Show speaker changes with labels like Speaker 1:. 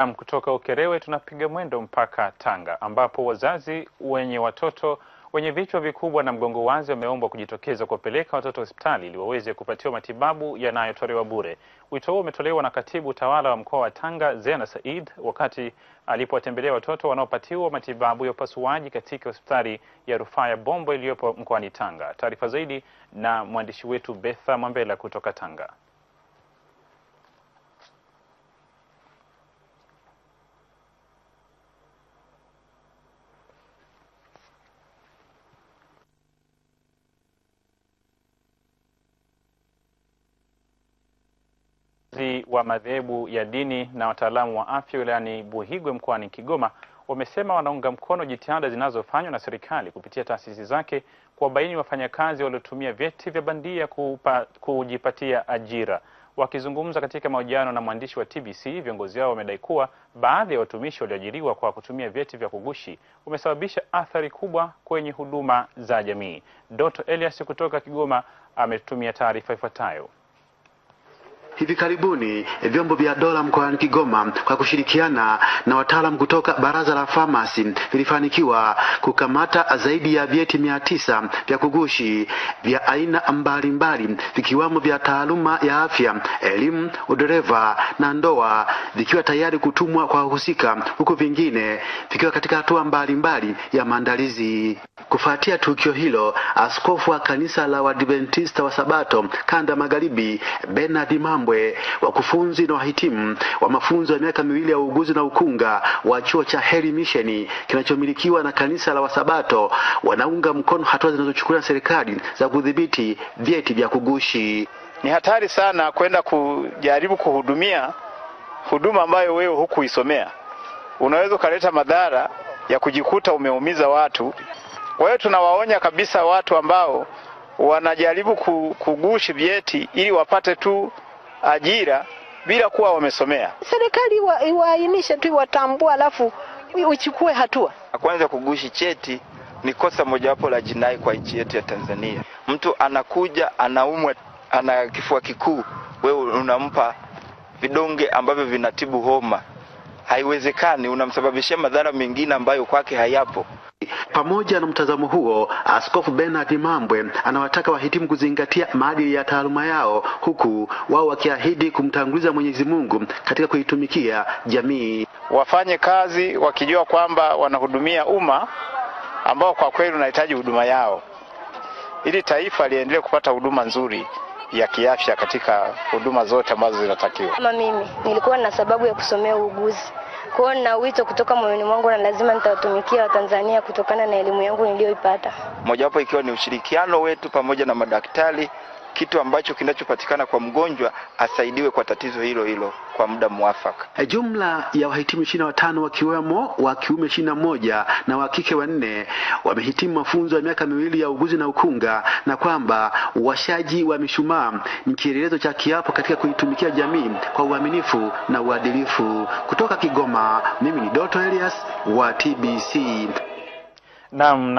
Speaker 1: Nam kutoka Ukerewe tunapiga mwendo mpaka Tanga ambapo wazazi wenye watoto wenye vichwa vikubwa na mgongo wazi wameombwa kujitokeza kuwapeleka watoto hospitali ili waweze kupatiwa matibabu yanayotolewa bure. Wito huo umetolewa na katibu tawala wa mkoa wa Tanga Zena Said wakati alipowatembelea watoto wanaopatiwa matibabu ya upasuaji katika hospitali ya rufaa ya Bombo iliyopo mkoani Tanga. Taarifa zaidi na mwandishi wetu Betha Mwambela kutoka Tanga. Wakufunzi wa madhehebu ya dini na wataalamu wa afya wilayani Buhigwe mkoani Kigoma wamesema wanaunga mkono jitihada zinazofanywa na serikali kupitia taasisi zake kuwabaini wafanyakazi waliotumia vyeti vya bandia kupa, kujipatia ajira. Wakizungumza katika mahojiano na mwandishi wa TBC, viongozi hao wamedai kuwa baadhi ya watumishi walioajiriwa kwa kutumia vyeti vya kugushi umesababisha athari kubwa kwenye huduma za jamii. Doto Elias kutoka Kigoma ametumia taarifa ifuatayo.
Speaker 2: Hivi karibuni vyombo vya dola mkoani Kigoma kwa kushirikiana na wataalam kutoka Baraza la Famasi vilifanikiwa kukamata zaidi ya vyeti mia tisa vya kugushi vya aina mbalimbali vikiwamo vya taaluma ya afya, elimu, udereva na ndoa vikiwa tayari kutumwa kwa wahusika, huku vingine vikiwa katika hatua mbalimbali ya maandalizi. Kufuatia tukio hilo, askofu wa kanisa la Wadventista wa Sabato kanda magharibi, Bernard Mambwe, wakufunzi na wahitimu wa mafunzo ya miaka miwili ya uuguzi na ukunga wa chuo cha Heri Misheni kinachomilikiwa na kanisa la Wasabato wanaunga mkono hatua zinazochukuliwa na serikali za kudhibiti vyeti vya kugushi.
Speaker 3: Ni hatari sana kwenda kujaribu kuhudumia huduma ambayo wewe hukuisomea. Unaweza ukaleta madhara ya kujikuta umeumiza watu. Kwa hiyo tunawaonya kabisa watu ambao wanajaribu kugushi vyeti ili wapate tu ajira bila kuwa wamesomea.
Speaker 4: Serikali iwaainishe tu, iwatambua, alafu uchukue hatua.
Speaker 5: Kwanza, kugushi cheti ni kosa mojawapo la jinai kwa nchi yetu ya Tanzania. Mtu anakuja anaumwa, ana kifua kikuu, wewe unampa vidonge ambavyo vinatibu homa. Haiwezekani, unamsababishia madhara mengine ambayo kwake hayapo.
Speaker 2: Pamoja na mtazamo huo, Askofu Bernard Mambwe anawataka wahitimu kuzingatia maadili ya taaluma yao, huku wao wakiahidi kumtanguliza Mwenyezi Mungu katika kuitumikia jamii.
Speaker 3: Wafanye kazi wakijua kwamba wanahudumia umma ambao kwa kweli unahitaji huduma yao, ili taifa liendelee kupata huduma nzuri ya kiafya katika huduma zote ambazo zinatakiwa.
Speaker 6: Kama mimi nilikuwa na sababu ya kusomea uuguzi kwa hiyo nina wito kutoka moyoni mwangu na lazima nitawatumikia Watanzania kutokana na elimu yangu niliyoipata,
Speaker 5: mojawapo ikiwa ni ushirikiano wetu pamoja na madaktari kitu ambacho kinachopatikana kwa mgonjwa asaidiwe kwa tatizo hilo hilo kwa muda mwafaka.
Speaker 2: Eh, jumla ya wahitimu ishirini na watano wakiwemo wa kiume ishirini na moja na wa kike wanne wamehitimu mafunzo ya miaka miwili ya uguzi na ukunga, na kwamba uwashaji wa mishumaa ni kielelezo cha kiapo katika kuitumikia jamii kwa uaminifu na uadilifu. Kutoka Kigoma, mimi ni Doto Elias wa TBC. Naam.